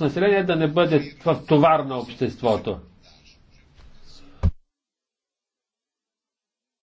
население да не бъде в товар на обществото.